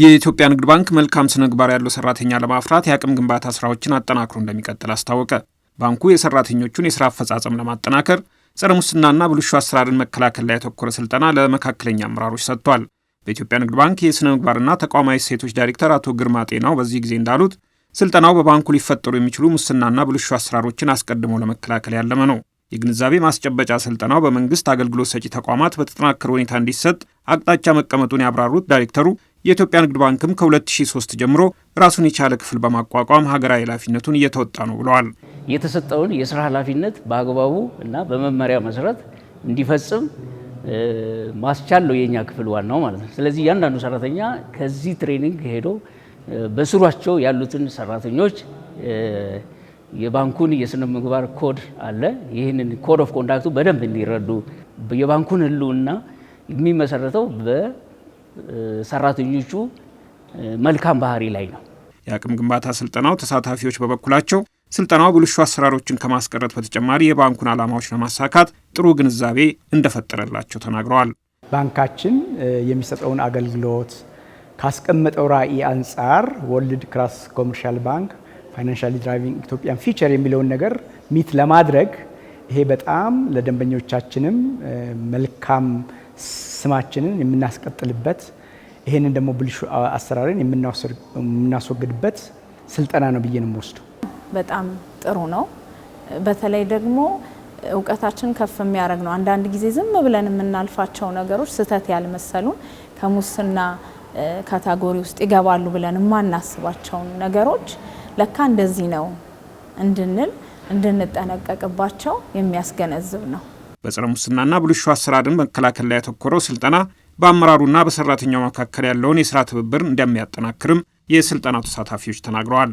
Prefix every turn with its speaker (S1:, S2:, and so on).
S1: የኢትዮጵያ ንግድ ባንክ መልካም ስነ ምግባር ያለው ሰራተኛ ለማፍራት የአቅም ግንባታ ስራዎችን አጠናክሮ እንደሚቀጥል አስታወቀ። ባንኩ የሰራተኞቹን የስራ አፈጻጸም ለማጠናከር ጸረ ሙስናና ብልሹ አሰራርን መከላከል ላይ ያተኮረ ስልጠና ለመካከለኛ አመራሮች ሰጥቷል። በኢትዮጵያ ንግድ ባንክ የስነ ምግባርና ተቋማዊ እሴቶች ዳይሬክተር አቶ ግርማ ጤናው በዚህ ጊዜ እንዳሉት ስልጠናው በባንኩ ሊፈጠሩ የሚችሉ ሙስናና ብልሹ አሰራሮችን አስቀድሞ ለመከላከል ያለመ ነው። የግንዛቤ ማስጨበጫ ስልጠናው በመንግስት አገልግሎት ሰጪ ተቋማት በተጠናከረ ሁኔታ እንዲሰጥ አቅጣጫ መቀመጡን ያብራሩት ዳይሬክተሩ የኢትዮጵያ ንግድ ባንክም ከ2003 ጀምሮ ራሱን የቻለ ክፍል በማቋቋም ሀገራዊ ኃላፊነቱን እየተወጣ ነው ብለዋል።
S2: የተሰጠውን የስራ ኃላፊነት በአግባቡ እና በመመሪያ መሰረት እንዲፈጽም ማስቻል ነው የኛ ክፍል ዋናው ማለት ነው። ስለዚህ እያንዳንዱ ሰራተኛ ከዚህ ትሬኒንግ ሄዶ በስሯቸው ያሉትን ሰራተኞች የባንኩን የስነ ምግባር ኮድ አለ። ይህንን ኮድ ኦፍ ኮንዳክቱ በደንብ እንዲረዱ የባንኩን ህልውና የሚመሰረተው ሰራተኞቹ መልካም ባህሪ ላይ ነው።
S1: የአቅም ግንባታ ስልጠናው ተሳታፊዎች በበኩላቸው ስልጠናው ብልሹ አሰራሮችን ከማስቀረት በተጨማሪ የባንኩን ዓላማዎች ለማሳካት ጥሩ ግንዛቤ እንደፈጠረላቸው ተናግረዋል።
S3: ባንካችን የሚሰጠውን አገልግሎት ካስቀመጠው ራዕይ አንጻር ወርልድ ክላስ ኮመርሻል ባንክ ፋይናንሻል ድራይቪንግ ኢትዮጵያን ፊቸር የሚለውን ነገር ሚት ለማድረግ ይሄ በጣም ለደንበኞቻችንም መልካም ስማችንን የምናስቀጥልበት ይህንን ደግሞ ብልሹ አሰራርን የምናስወግድበት ስልጠና ነው ብዬ ነው የምወስደው።
S4: በጣም ጥሩ ነው። በተለይ ደግሞ እውቀታችን ከፍ የሚያደርግ ነው። አንዳንድ ጊዜ ዝም ብለን የምናልፋቸው ነገሮች ስህተት ያልመሰሉን ከሙስና ካታጎሪ ውስጥ ይገባሉ ብለን የማናስባቸውን ነገሮች ለካ እንደዚህ ነው እንድንል እንድንጠነቀቅባቸው የሚያስገነዝብ ነው።
S1: በጸረ ሙስናና ብልሹ አሰራርን መከላከል ላይ ያተኮረው ስልጠና በአመራሩና በሰራተኛው መካከል ያለውን የስራ ትብብር እንደሚያጠናክርም የስልጠናው ተሳታፊዎች ተናግረዋል።